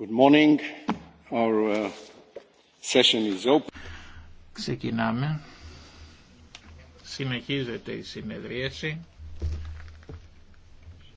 Good morning. Our uh, session is open. Ξεκινάμε. Συνεχίζεται η συνεδρίαση.